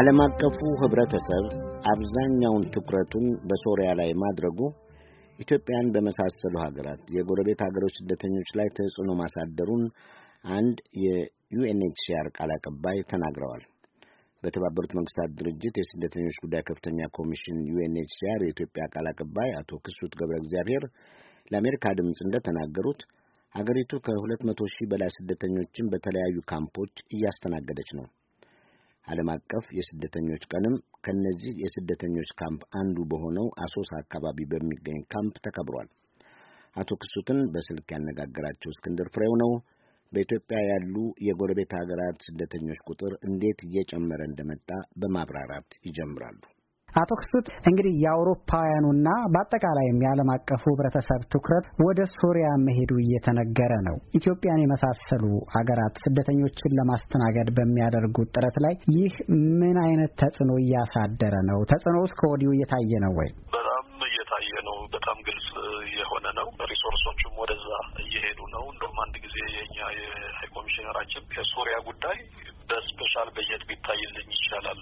ዓለም አቀፉ ኅብረተሰብ አብዛኛውን ትኩረቱን በሶሪያ ላይ ማድረጉ ኢትዮጵያን በመሳሰሉ ሀገራት የጎረቤት ሀገሮች ስደተኞች ላይ ተጽዕኖ ማሳደሩን አንድ የዩኤንኤችሲአር ቃል አቀባይ ተናግረዋል። በተባበሩት መንግስታት ድርጅት የስደተኞች ጉዳይ ከፍተኛ ኮሚሽን ዩኤንኤችሲአር የኢትዮጵያ ቃል አቀባይ አቶ ክሱት ገብረ እግዚአብሔር ለአሜሪካ ድምፅ እንደተናገሩት ሀገሪቱ ከሁለት መቶ ሺህ በላይ ስደተኞችን በተለያዩ ካምፖች እያስተናገደች ነው። ዓለም አቀፍ የስደተኞች ቀንም ከነዚህ የስደተኞች ካምፕ አንዱ በሆነው አሶሳ አካባቢ በሚገኝ ካምፕ ተከብሯል። አቶ ክሱትን በስልክ ያነጋገራቸው እስክንድር ፍሬው ነው። በኢትዮጵያ ያሉ የጎረቤት ሀገራት ስደተኞች ቁጥር እንዴት እየጨመረ እንደመጣ በማብራራት ይጀምራሉ። አቶ ክሱት እንግዲህ የአውሮፓውያኑና በአጠቃላይም የዓለም አቀፉ ህብረተሰብ ትኩረት ወደ ሶሪያ መሄዱ እየተነገረ ነው። ኢትዮጵያን የመሳሰሉ አገራት ስደተኞችን ለማስተናገድ በሚያደርጉት ጥረት ላይ ይህ ምን አይነት ተጽዕኖ እያሳደረ ነው? ውስጥ ከወዲሁ እየታየ ነው ወይ? እየታየ ነው። በጣም ግልጽ የሆነ ነው። ሪሶርሶቹም ወደዛ እየሄዱ ነው። እንደውም አንድ ጊዜ የኛ የሀይ ኮሚሽነራችን የሱሪያ ጉዳይ በስፔሻል በየት ቢታይልኝ ይቻላል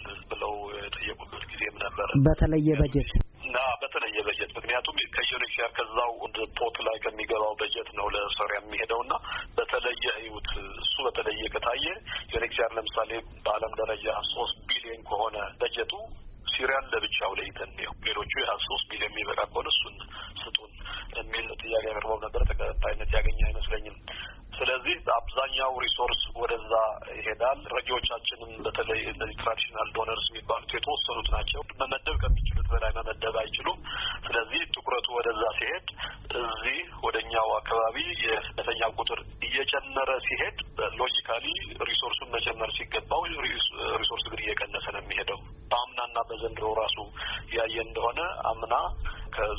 በተለየ በጀት እና በተለየ በጀት ምክንያቱም ከዩኒክሲር ከዛው ፖት ላይ ከሚገባው በጀት ነው ለሶሪያ የሚሄደው እና በተለየ ህይወት እሱ በተለየ ከታየ ዩኒክሲር ለምሳሌ በዓለም ደረጃ ሶስት ቢሊዮን ከሆነ በጀቱ ሲሪያን ለብቻው ለይተን ነው ሌሎቹ ያ ሶስት ቢሊዮን የሚበቃ ከሆነ እሱን ስጡን የሚል ጥያቄ አቅርበው ነበር። ተቀባይነት ያገኘ አይመስለኝም። ስለዚህ አብዛኛው ሪሶርስ ወደዛ ይሄዳል። ረጂዎቻችንም በተለይ እነዚህ ትራዲሽናል ዶነርስ የሚባሉ ስለማይችሉ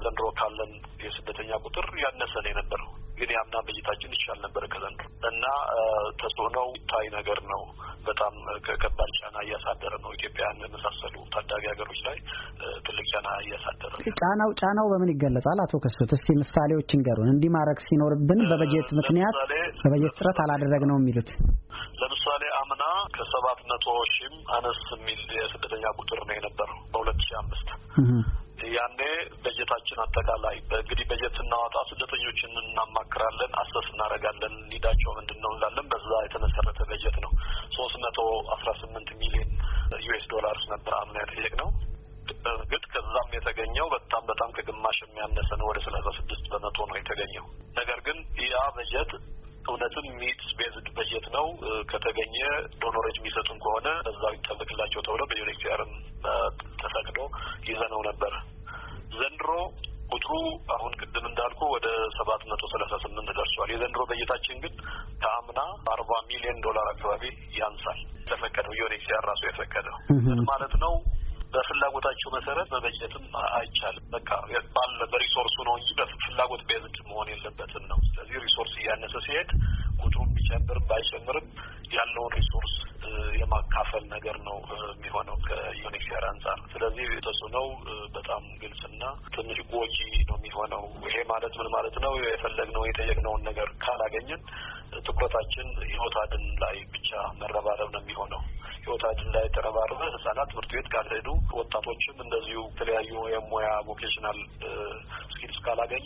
ዘንድሮ ካለን የስደተኛ ቁጥር ያነሰ ነው የነበረው። ግን ያምና በጀታችን ይሻል ነበር ከዘንድሮ እና ተጽዕኖው ይታይ ነገር ነው። በጣም ከባድ ጫና እያሳደረ ነው። ኢትዮጵያን የመሳሰሉ ታዳጊ ሀገሮች ላይ ትልቅ ጫና እያሳደረ ጫናው ጫናው በምን ይገለጻል? አቶ ክሱት እስቲ ምሳሌዎችን ገሩን። እንዲህ ማድረግ ሲኖርብን በበጀት ምክንያት በበጀት አላደረግ ነው የሚሉት ለምሳሌ አምና ከሰባት መቶ ሺህም አነስ የሚል የስደተኛ ቁጥር ነው የነበረው በሁለት ሺህ አምስት ያኔ በጀታችን አጠቃላይ እንግዲህ በጀት ስናወጣ ስደተኞችን እናማክራለን፣ አሰስ እናደርጋለን፣ ሊዳቸው ምንድን ነው እንላለን። ሁለቱም ኒድስ ቤዝድ በጀት ነው። ከተገኘ ዶኖሮች የሚሰጡን ከሆነ እዛው ይጠበቅላቸው ተብሎ በዩኤንኤችሲአርም ተፈቅዶ ይዘነው ነበር። ዘንድሮ ቁጥሩ አሁን ቅድም እንዳልኩ ወደ ሰባት መቶ ሰላሳ ስምንት ደርሷል። የዘንድሮ በጀታችን ግን ከአምና አርባ ሚሊዮን ዶላር አካባቢ ያንሳል። የተፈቀደው ዩኤንኤችሲአር ራሱ የፈቀደው ምን ማለት ነው? በፍላጎታቸው መሰረት መበጀትም አይቻልም። በቃ ባለ በሪሶርሱ ነው እንጂ በፍላጎት ቤዝድ መሆን የለበትም ነው። ስለዚህ ሪሶርስ እያነሰ ሲሄድ ቢጨምርም ባይጨምርም ያለውን ሪሶርስ የማካፈል ነገር ነው የሚሆነው ከዩኒክሴር አንጻር። ስለዚህ የተጽዕኖው በጣም ግልጽና ትንሽ ጎጂ ነው የሚሆነው። ይሄ ማለት ምን ማለት ነው? የፈለግነው የጠየቅነውን ነገር ካላገኘን ትኩረታችን ህይወት አድን ላይ ብቻ መረባረብ ነው የሚሆነው። ህይወት አድን ላይ ተረባርበ ህጻናት ትምህርት ቤት ካልሄዱ፣ ወጣቶችም እንደዚሁ የተለያዩ የሙያ ቮኬሽናል ስኪልስ ካላገኙ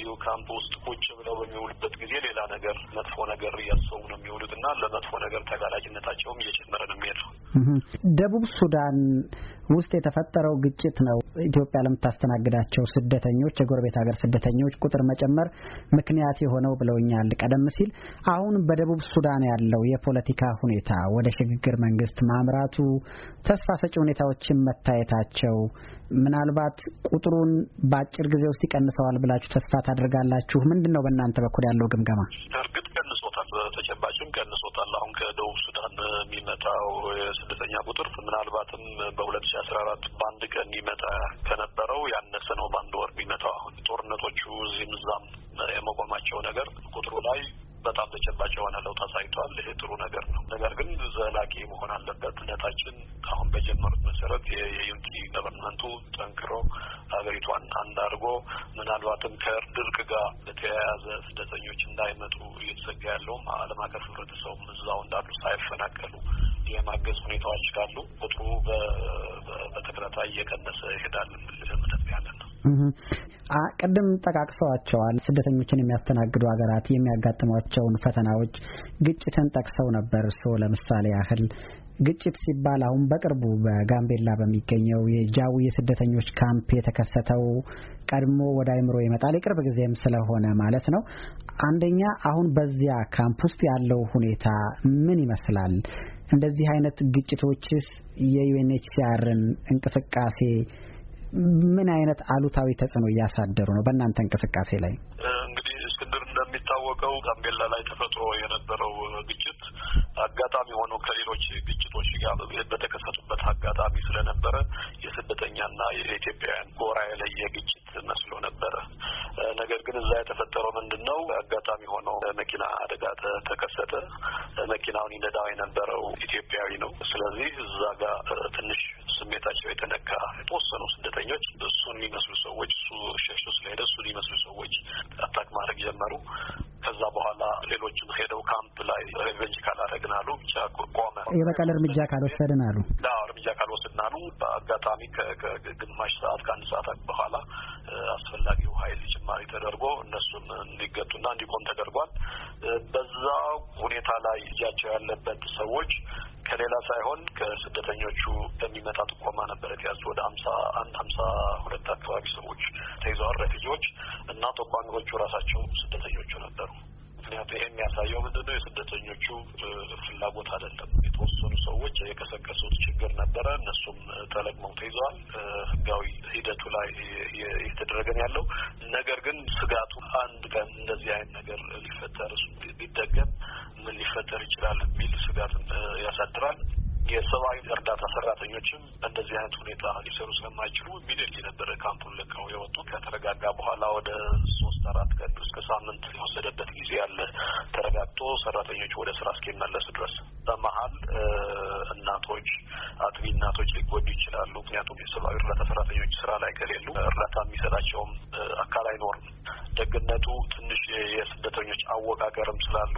እዚሁ ካምፕ ውስጥ ቁጭ ብለው በሚውሉበት ጊዜ ሌላ ነገር መጥፎ ነገር እያሰቡ ነው የሚውሉት እና ለመጥፎ ነገር ተጋላጭነታቸውም እየጨመረ ነው የሚሄድ ደቡብ ሱዳን ውስጥ የተፈጠረው ግጭት ነው ኢትዮጵያ ለምታስተናግዳቸው ስደተኞች የጎረቤት ሀገር ስደተኞች ቁጥር መጨመር ምክንያት የሆነው ብለውኛል። ቀደም ሲል አሁን በደቡብ ሱዳን ያለው የፖለቲካ ሁኔታ ወደ ሽግግር መንግስት ማምራቱ ተስፋ ሰጪ ሁኔታዎችን መታየታቸው ምናልባት ቁጥሩን በአጭር ጊዜ ውስጥ ይቀንሰዋል ብላችሁ ተስፋ ታደርጋላችሁ? ምንድን ነው በእናንተ በኩል ያለው ግምገማ? እርግጥ ቀንሶታል፣ በተጨባጭም ቀንሶታል። አሁን ከደቡብ ሱዳን የሚመጣው የስደተኛ ቁጥር ምናልባትም በሁለት ሺ አስራ አራት በአንድ ቀን ይመጣ ከነበረው ያነሰ ነው። ከድርቅ ጋር በተያያዘ ስደተኞች እንዳይመጡ እየተሰጋ ያለውም ዓለም አቀፍ ህብረተሰቡም እዛው እንዳሉ ሳይፈናቀሉ የማገዝ ሁኔታዎች ካሉ ቁጥሩ በተከታታይ እየቀነሰ ይሄዳል እምነት ያለን ነው። ቅድም ጠቃቅሰዋቸዋል። ስደተኞችን የሚያስተናግዱ ሀገራት የሚያጋጥሟቸውን ፈተናዎች፣ ግጭትን ጠቅሰው ነበር እርስዎ ለምሳሌ ያህል ግጭት ሲባል አሁን በቅርቡ በጋምቤላ በሚገኘው የጃዊ የስደተኞች ካምፕ የተከሰተው ቀድሞ ወደ አይምሮ ይመጣል። የቅርብ ጊዜም ስለሆነ ማለት ነው። አንደኛ አሁን በዚያ ካምፕ ውስጥ ያለው ሁኔታ ምን ይመስላል? እንደዚህ አይነት ግጭቶችስ የዩኤንኤችሲአርን እንቅስቃሴ ምን አይነት አሉታዊ ተጽዕኖ እያሳደሩ ነው በእናንተ እንቅስቃሴ ላይ? እንግዲህ እስክንድር እንደሚታወቀው ጋምቤላ ላይ ተፈጥሮ የነበረው የነበረው ኢትዮጵያዊ ነው። ስለዚህ እዛ ጋር ትንሽ ስሜታቸው የተነካ የተወሰኑ ስደተኞች እሱን የሚመስሉ ሰዎች እሱ ሸሹ ስለሄደ እሱን የሚመስሉ ሰዎች አታክ ማድረግ ጀመሩ። ከዛ በኋላ ሌሎችም ሄደው ካምፕ ላይ ሬቨንጅ ካላደረግን አሉ ብቻ ቆመ። የበቀል እርምጃ ካልወሰድን አሉ እርምጃ ካልወሰድን አሉ። በአጋጣሚ ከግማሽ ሰዓት ከአንድ ሰዓት በኋላ አስፈላጊው ኃይል ጭማሪ ተደርጎ እነሱን እንዲገጡና እንዲቆም ተደርጓል። በዛ ሁኔታ ላይ እጃቸው ያለበት ሰዎች ከሌላ ሳይሆን ከስደተኞቹ በሚመጣ ጥቆማ ነበረ የተያዙ ወደ ሀምሳ አንድ ሀምሳ ሁለት አካባቢ ሰዎች ተይዘዋል። ረፊጂዎች እና ጠቋሚዎቹ ራሳቸው ስደተኞቹ ነበሩ። ምክንያቱ ይሄ የሚያሳየው ምንድን ነው? የስደተኞቹ ፍላጎት አይደለም። የተወሰኑ ሰዎች የቀሰቀሱት ችግር ነበረ። እነሱም ተለቅመው ተይዘዋል። ህጋዊ ሂደቱ ላይ እየተደረገን ያለው ነገር ግን ስጋቱ አንድ ቀን እንደዚህ አይነት ነገር ሊፈጠር ቢደገም ምን ሊፈጠር ይችላል የሚል ስጋት ያሳድራል። የሰብአዊ እርዳታ ሰራተኞችም እንደዚህ አይነት ሁኔታ ሊሰሩ ስለማይችሉ ሚድል የነበረ ካምፑን ደግነቱ ትንሽ የስደተኞች አወቃቀርም ስላሉ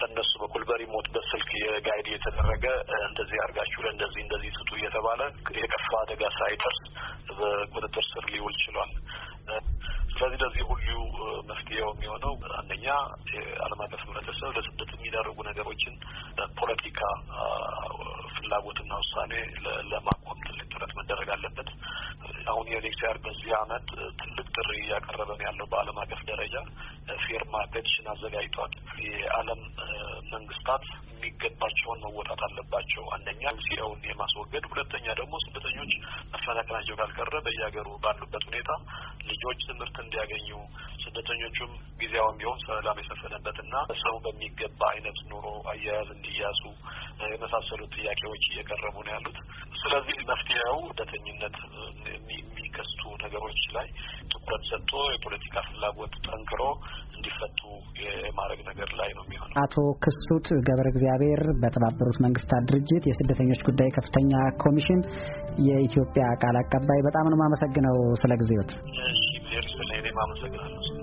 በእነሱ በኩል በሪሞት በስልክ የጋይድ የተደረገ እንደዚህ አድርጋችሁ ለእንደዚህ እንደዚህ ስጡ እየተባለ የከፋ አደጋ ሳይደርስ በቁጥጥር ስር ሊውል ችሏል። ስለዚህ ለዚህ ሁሉ መፍትሄው የሚሆነው አንደኛ የዓለም አቀፍ ህብረተሰብ ለስደት የሚደረጉ ነገሮችን ፖለቲካ ፍላጎትና ውሳኔ ለማቆም ትልቅ ጥረት መደረግ አለበት። አሁን የኤሌክሲያር በዚህ አመት ትልቅ ጥሪ እያቀረበን ያለው በዓለም አቀፍ ደረጃ ፌርማ ፔቲሽን አዘጋጅቷል። የዓለም መንግስታት የሚገባቸውን መወጣት አለባቸው። አንደኛ ሲያውን የማስወገድ ሁለተኛ ደግሞ ስደተኞች መፈናቀናቸው ካልቀረ በየሀገሩ ባሉበት ሁኔታ ልጆች ትምህርት እንዲያገኙ ስደተኞቹም ጊዜያውን ቢሆን ሰላም የሰፈነበትና ሰው በሚገባ አይነት ኑሮ አያያዝ እንዲያዙ የመሳሰሉት ጥያቄ ጥያቄዎች እየቀረቡ ነው ያሉት። ስለዚህ መፍትሄው ሁለተኝነት የሚከስቱ ነገሮች ላይ ትኩረት ሰጥቶ የፖለቲካ ፍላጎት ጠንክሮ እንዲፈቱ የማድረግ ነገር ላይ ነው የሚሆነው። አቶ ክሱት ገብረ እግዚአብሔር በተባበሩት መንግስታት ድርጅት የስደተኞች ጉዳይ ከፍተኛ ኮሚሽን የኢትዮጵያ ቃል አቀባይ፣ በጣም ነው የማመሰግነው ስለ ጊዜዎት። እሺ፣ እግዜር ይስጥልኝ። እኔም አመሰግናለሁ።